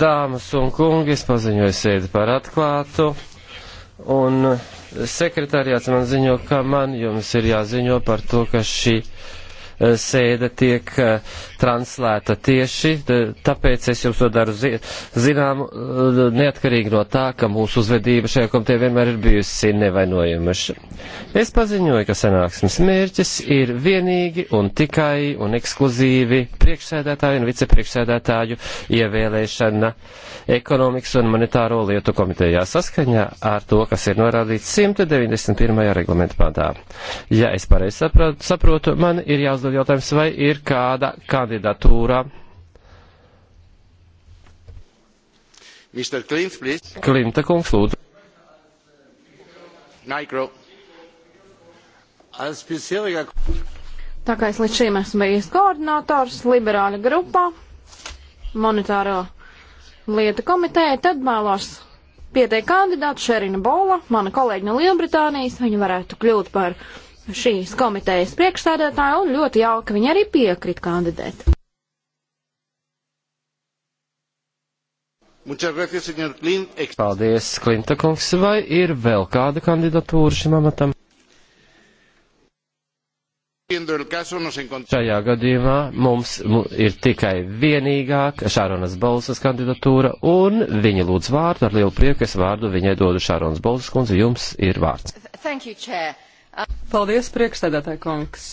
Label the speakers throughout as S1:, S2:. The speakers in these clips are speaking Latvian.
S1: Dāmas un kungi, es paziņoju sēdi par atklātu, un sekretariāts man ziņo, ka man jums ir jāziņo par to, ka šī. Eh, sēde tiek eh, translēta tieši, tāpēc es jums to daru zinām, eh, neatkarīgi no tā, ka mūsu uzvedība šajā komitē vienmēr ir bijusi nevainojama. Es paziņoju, ka sanāksmes mērķis ir vienīgi un tikai un ekskluzīvi priekšsēdētāju un vicepriekšsēdētāju ievēlēšana ekonomikas un monetāro lietu komitejā saskaņā ar to, kas ir norādīts 191. reglamenta pantā. Ja es pareizi saprotu, man ir jāuzdod jāuzdod jautājums, vai ir kāda kandidatūra. Mr. Klint, please. Klinta kungs, lūdzu.
S2: Mikro.
S3: Tā kā es līdz šim esmu bijis koordinators liberāļu grupā, monetāro lietu komiteja, tad vēlos pieteikt kandidātu Šerina Bola, mana kolēģi no Lielbritānijas, viņa varētu kļūt par šīs komitejas priekšsādātāja un ļoti jauka viņa arī piekrit kandidēt.
S1: Paldies, Klinta kungs. Vai ir vēl kāda kandidatūra šim amatam? Šajā gadījumā mums ir tikai vienīgāk Šāronas Balsas kandidatūra, un viņa lūdz vārdu, ar lielu prieku es vārdu viņai dodu Šāronas Balsas kundze, jums ir vārds.
S3: Thank you, chair. Paldies, priekšstādātāji kungs.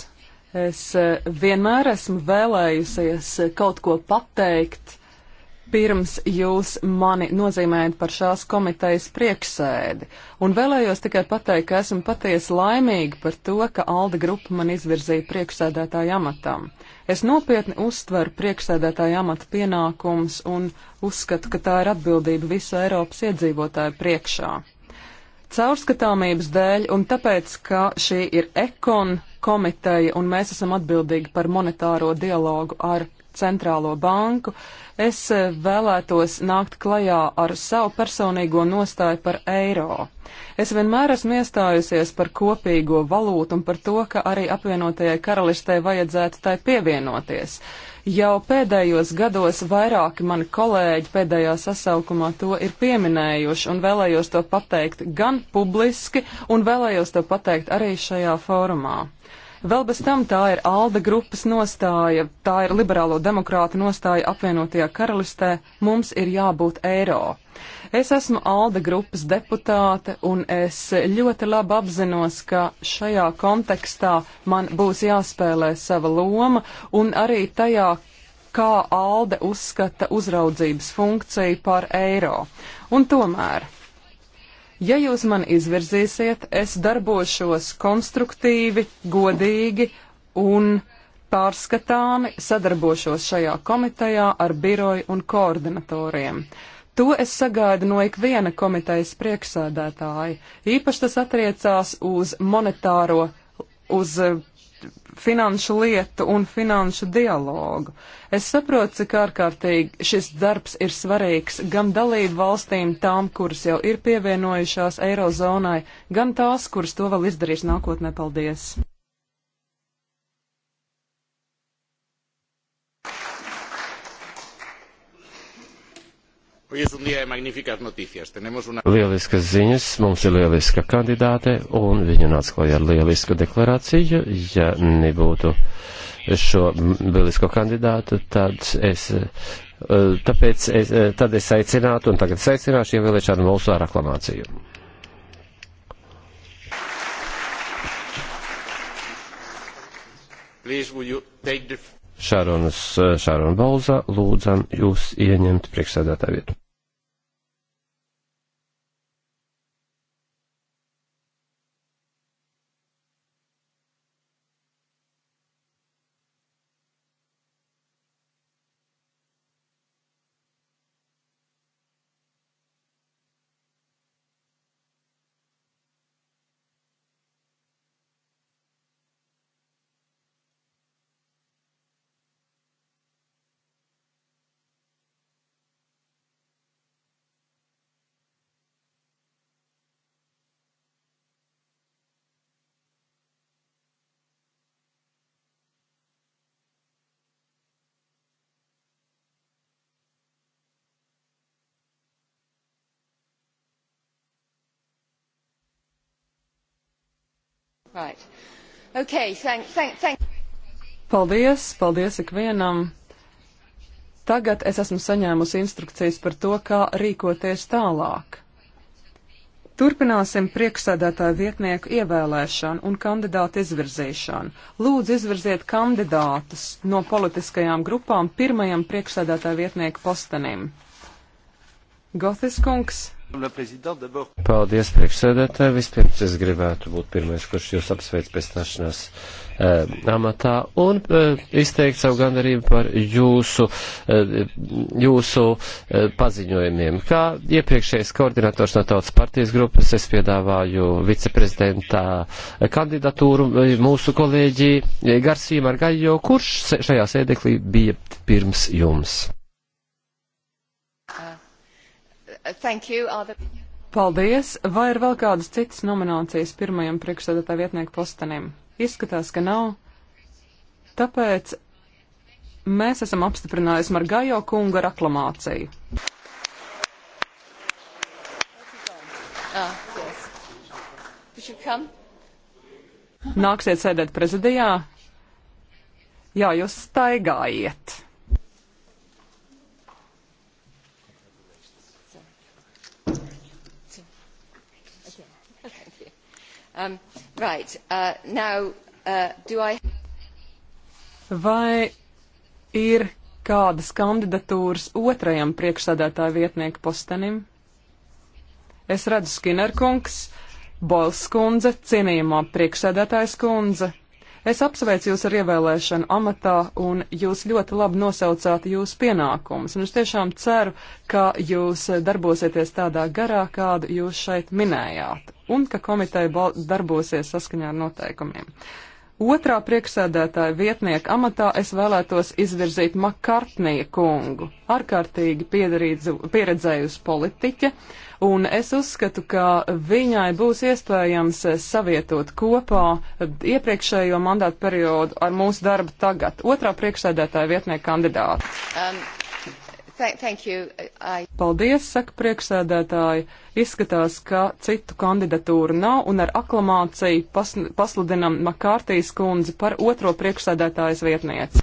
S3: Es eh, vienmēr esmu vēlējusies eh, kaut ko pateikt, pirms jūs mani nozīmējat par šās komitejas priekšsēdi. Un vēlējos tikai pateikt, ka esmu patiesi laimīga par to, ka Alda grupa man izvirzīja priekšsēdētāju amatam. Es nopietni uztveru priekšsēdētāju amata pienākums un uzskatu, ka tā ir atbildība visu Eiropas iedzīvotāju priekšā caurskatāmības dēļ un tāpēc, ka šī ir ekon komiteja un mēs esam atbildīgi par monetāro dialogu ar centrālo banku, es e, vēlētos nākt klajā ar savu personīgo nostāju par eiro. Es vienmēr esmu iestājusies par kopīgo valūtu un par to, ka arī apvienotajai karalistē vajadzētu tai pievienoties. Jau pēdējos gados vairāki mani kolēģi pēdējā sasaukumā to ir pieminējuši un vēlējos to pateikt gan publiski un vēlējos to pateikt arī šajā fórumā. Vēl bez tam tā ir ALDE grupas nostāja, tā ir liberālo demokrāta nostāja apvienotajā karalistē, mums ir jābūt eiro. Es esmu ALDE grupas deputāte un es ļoti labi apzinos, ka šajā kontekstā man būs jāspēlē sava loma un arī tajā, kā ALDE uzskata uzraudzības funkciju par eiro. Un tomēr Ja jūs man izvirzīsiet, es darbošos konstruktīvi, godīgi un pārskatāmi sadarbošos šajā komitejā ar biroju un koordinatoriem. To es sagaidu no ikviena komitejas priekšsēdētāja. Īpaši tas attiecās uz monetāro, uz finanšu lietu un finanšu dialogu. Es saprotu, cik ārkārtīgi šis darbs ir svarīgs gan dalību valstīm, tām, kuras jau ir pievienojušās Eirozonai, gan tās, kuras to vēl izdarīs nākotnē. Paldies!
S1: Lieliskas ziņas, mums ir lieliska kandidāte, un viņa nāca klajā ar lielisku deklarāciju. Ja nebūtu šo lielisko kandidātu, tad es, eh, tāpēc es, eh, tad es aicinātu, un tagad es aicināšu ievēlēt šādu mūsu ar aklamāciju. Please, will you take the... Šaronas, eh, Šarona Balza, lūdzam jūs ieņemt priekšsēdētāju vietu.
S2: Right. Okay, thank, thank, thank.
S3: Paldies, paldies ikvienam. Tagad es esmu saņēmusi instrukcijas par to, kā rīkoties tālāk. Turpināsim priekšsēdētāju vietnieku ievēlēšanu un kandidātu izvirzīšanu. Lūdzu, izvirziet kandidātus no politiskajām grupām pirmajam priekšsēdētāju vietnieku postenim. Gothis kungs.
S1: Paldies, priekšsēdētāji. Vispirms es gribētu būt pirmais, kurš jūs apsveic pēc našanās e, eh, amatā un e, izteikt savu gandarību par jūsu, e, jūsu e, paziņojumiem. Kā iepriekšējais koordinators no Tautas partijas grupas, es piedāvāju viceprezidentā kandidatūru mūsu kolēģi Garsīm Argaļo, kurš šajā sēdeklī bija pirms jums.
S3: Paldies! Vai ir vēl kādas citas nominācijas pirmajam priekšsēdētāja vietnieku postenim? Izskatās, ka nav. Tāpēc mēs esam apstiprinājusi Margajo kunga ar aklamāciju.
S2: Ah, yes.
S3: Nāksiet sēdēt prezidijā? Jā, jūs staigājiet.
S2: Um, right, uh, now, uh, I...
S3: Vai ir kādas kandidatūras otrajam priekšsēdētāja vietnieku postenim? Es redzu Skinner kungs, Boils kundze, cienījumā priekšsēdētājs kundze. Es apsveicu jūs ar ievēlēšanu amatā, un jūs ļoti labi nosaucāt jūsu pienākumus. Un es tiešām ceru, ka jūs darbosieties tādā garā, kādu jūs šeit minējāt, un ka komiteja darbosies saskaņā ar noteikumiem. Otrā priekšsēdētāja vietnieka amatā es vēlētos izvirzīt Makartnija kungu, ārkārtīgi pieredzējusi politiķe, un es uzskatu, ka viņai būs iespējams savietot kopā iepriekšējo mandātu periodu ar mūsu darbu tagad. Otrā priekšsēdētāja vietnieka kandidāta.
S2: Um. Thank you. I...
S3: Paldies, saka priekšsēdētāji. Izskatās, ka citu kandidatūru nav un ar aklamāciju pas, pasludinam Makārtīs kundzi par otro priekšsēdētājas vietnieci.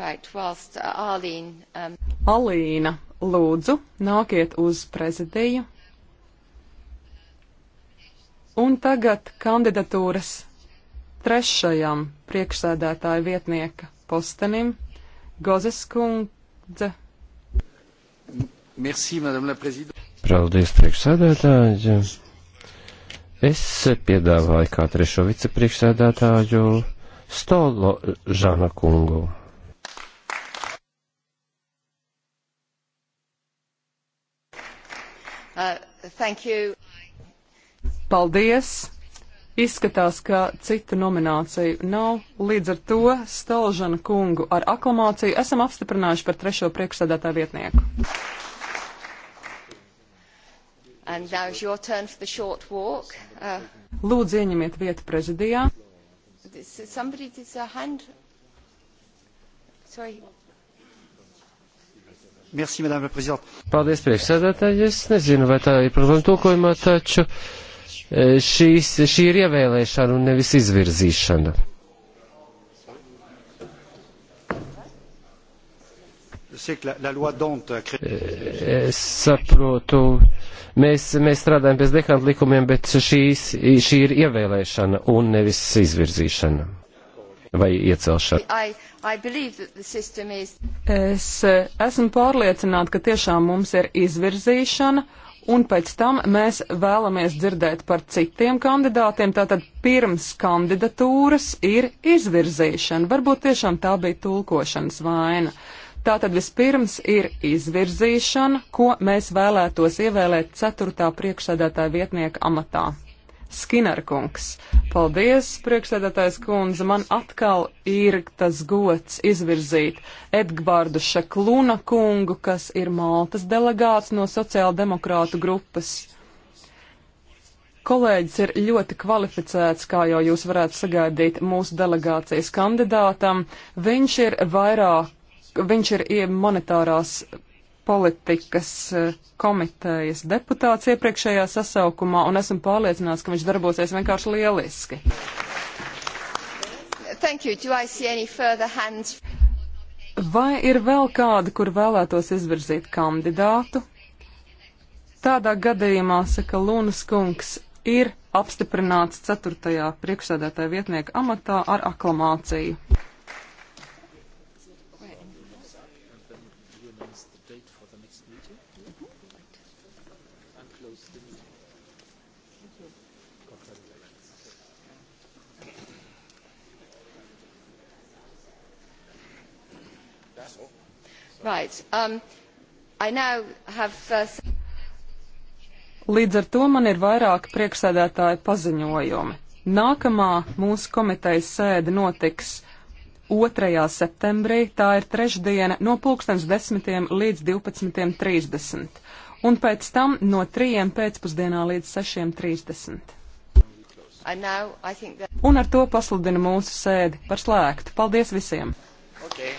S2: Right, whilst, uh, Arlīn, um...
S3: Alīna, lūdzu, nākiet uz prezidiju. Un tagad kandidatūras trešajam priekšsēdētāju vietnieka postenim. Gozes kundze.
S1: Merci, madame la prezidente. Paldies, priekšsēdētāji. Es piedāvāju kā trešo vicepriekšsēdētāju Stolo Žana kungu.
S2: Uh,
S3: Paldies! Izskatās, ka citu nomināciju nav, līdz ar to Stalžana kungu ar aklamāciju esam apstiprinājuši par trešo priekšsēdētāju vietnieku. Uh, Lūdzu, ieņemiet vietu prezidijā. Merci,
S1: Paldies, priekšsēdētāji. Es nezinu, vai tā ir problēma tulkojumā, taču. Uh, šīs, šī ir ievēlēšana un nevis izvirzīšana. Es eh, eh, saprotu, mēs, mēs strādājam pēc dekantu likumiem, bet šīs, šī ir ievēlēšana un nevis izvirzīšana vai iecelšana.
S3: Es eh, esmu pārliecināta, ka tiešām mums ir izvirzīšana un pēc tam mēs vēlamies dzirdēt par citiem kandidātiem. Tātad pirms kandidatūras ir izvirzīšana. Varbūt tiešām tā bija tulkošanas vaina. Tātad vispirms ir izvirzīšana, ko mēs vēlētos ievēlēt ceturtā priekšsēdētāja vietnieka amatā. Skinnerkungs. Paldies, priekšsēdētājs kundze. Man atkal ir tas gods izvirzīt Edgvārdu Šakluna kungu, kas ir Maltas delegāts no sociāldemokrātu grupas. Kolēģis ir ļoti kvalificēts, kā jau jūs varētu sagaidīt mūsu delegācijas kandidātam. Viņš ir vairāk, viņš ir monetārās politikas eh, komitejas deputāts iepriekšējā sasaukumā, un esmu pārliecināts, ka viņš darbosies vienkārši lieliski. Vai ir vēl kādi, kur vēlētos izvirzīt kandidātu? Tādā gadījumā, saka Lūnas kungs, ir apstiprināts 4. priekšsēdētāja vietnieka amatā ar aklamāciju.
S2: Right. Um, have, uh...
S3: Līdz ar to man ir vairāki priekšsēdētāji paziņojumi. Nākamā mūsu komitejas sēde notiks 2. septembrī, tā ir trešdiena, no pulkstens 10. līdz 12.30 un pēc tam no 3 pēcpusdienā līdz 6.30. Un ar to pasludinu mūsu sēdi par slēgtu. Paldies visiem!
S2: Okay.